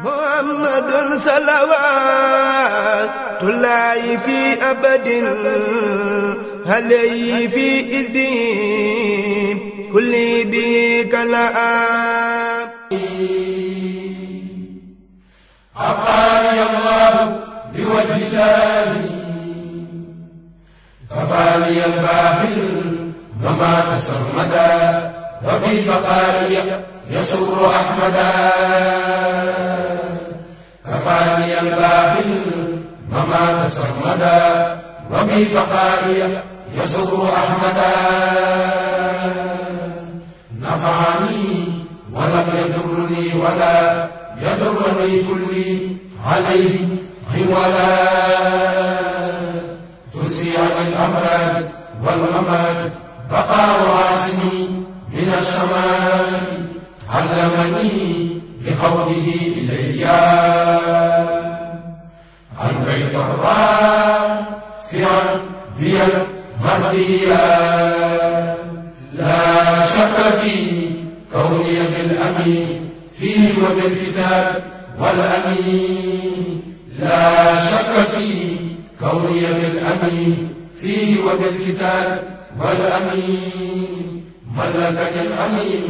محمد صلوات الله في أبد عليه في إذبه كل به كلام أعطاني الله بوجه الله كفاني الباحث وما تسرمدا وفي بقائي يسر أحمدا كفاني الباحل ممات سرمدا وبي كفاني يسر أحمدا نفعني ولم يدرني ولا يدرني كلي عليه عولا تسيع الأمراض والأمراض وجهه بقوله بالعليان عن بيت بيا مرديا لا شك في كوني بالامين فيه وبالكتاب والامين لا شك في كوني بالامين فيه وبالكتاب والامين ملكني الامين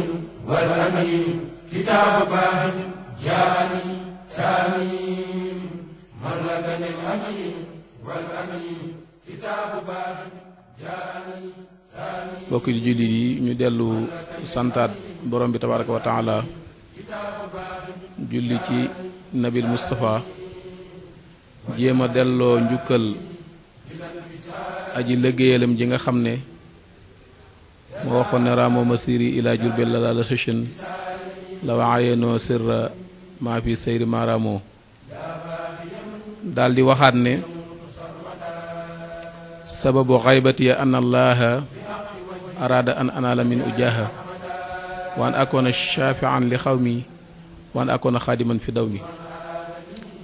والامين كتاب باهن جاني تاميم ملكني الأمين والأمين كتاب باهن جاني mbokk yi jullit yi ñu dellu santaat borom bi tabaraka wa taala ci nabil Moustapha jéem a delloo njukkal aji liggéeyalam ji nga xam ne moo waxoon ne raamoo masiri ila jurbel la la session لو عينو سر ما في سير ما رامو دال دي سبب غيبتي أن الله أراد أن انا من أجاه وأن أكون شافعا لخومي وأن أكون خادما في دومي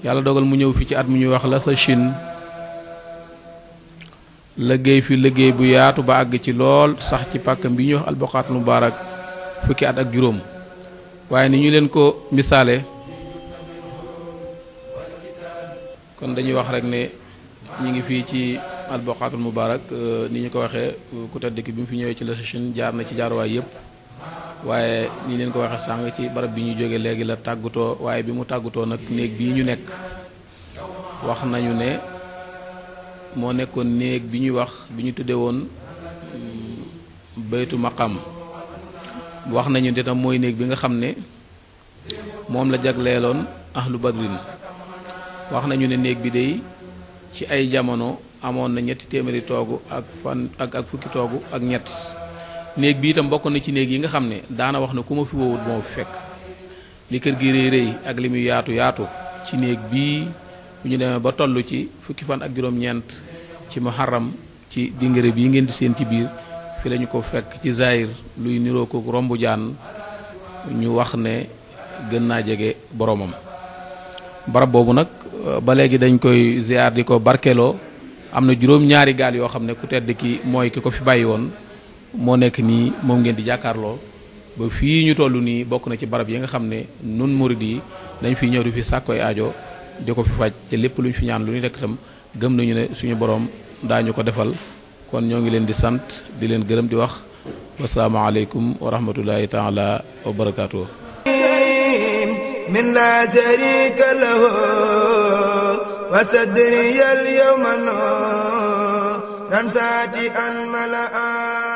يالا دوغال مو نيو في تي ات مو نيو واخ لا شين لغي في لغي بو ياتو با اغ تي لول صح تي باك بي نيو البقات المبارك فكي ات اك جوروم waaye ni ñu leen ko misaale kon dañuy wax rek ne ñu ngi fii ci alboqaatul mubaarak euh, ni ñu ko waxee euh, ku tedd bi mu fi ñëwee ci la Chine jaar na ci jaaruwaay yëpp waaye ni leen ko waxee sàng ci barab bi ñu jógee léegi la tàggatoo waaye bi mu tàggatoo nag néeg bii ñu nekk wax nañu ne moo nekkoon néeg bi ñuy wax bi ñu tuddee woon mm, baytu maqam wax nañu itam mooy néeg bi nga xam ne moom la jagleeloon ahlu badrin wax nañu ne néeg bi day ci ay jamono amoon na ñetti téeméeri toogu ak fan ak fukki toogu ak ñett néeg bi itam bokk na ci néeg yi nga xam ne daana wax na ku ma fi woowut moo fi fekk li kër gi rëy rëy ak li muy yaatu yaatu ci néeg bii bu ñu demee ba toll ci fukki fan ak juróom-ñeent ci muharram ci dingere bii ngeen di seen ci biir fi lañu ko fekk ci zaayir luy niroo ko rombu jaan ñu wax ne gën naa jege boroomam barab boobu nag euh, ba léegi dañ koy ziar di ko barkeeloo am na juróom-ñaari gaal yoo xam ne ku tedd ki mooy ki ko fi bàyyi woon moo nekk nii moom ngeen di jàkkaarloo ba fii ñu toll nii bokk na ci barab yi nga xam ne nun murid yi dañ fi ñëw di fi sàkkoy aajo di ko fi faj te lépp lu ñu fi ñaan lu ñu rek itam gëm nañu ne suñu borom daañu ko defal kon ñoo ngi leen di sant di leen gërëm di wax wasalaamaaleykum wa rahmatulahi taala wa barakaatu من لا شريك له وصدري اليوم نورا ساتئا ملأ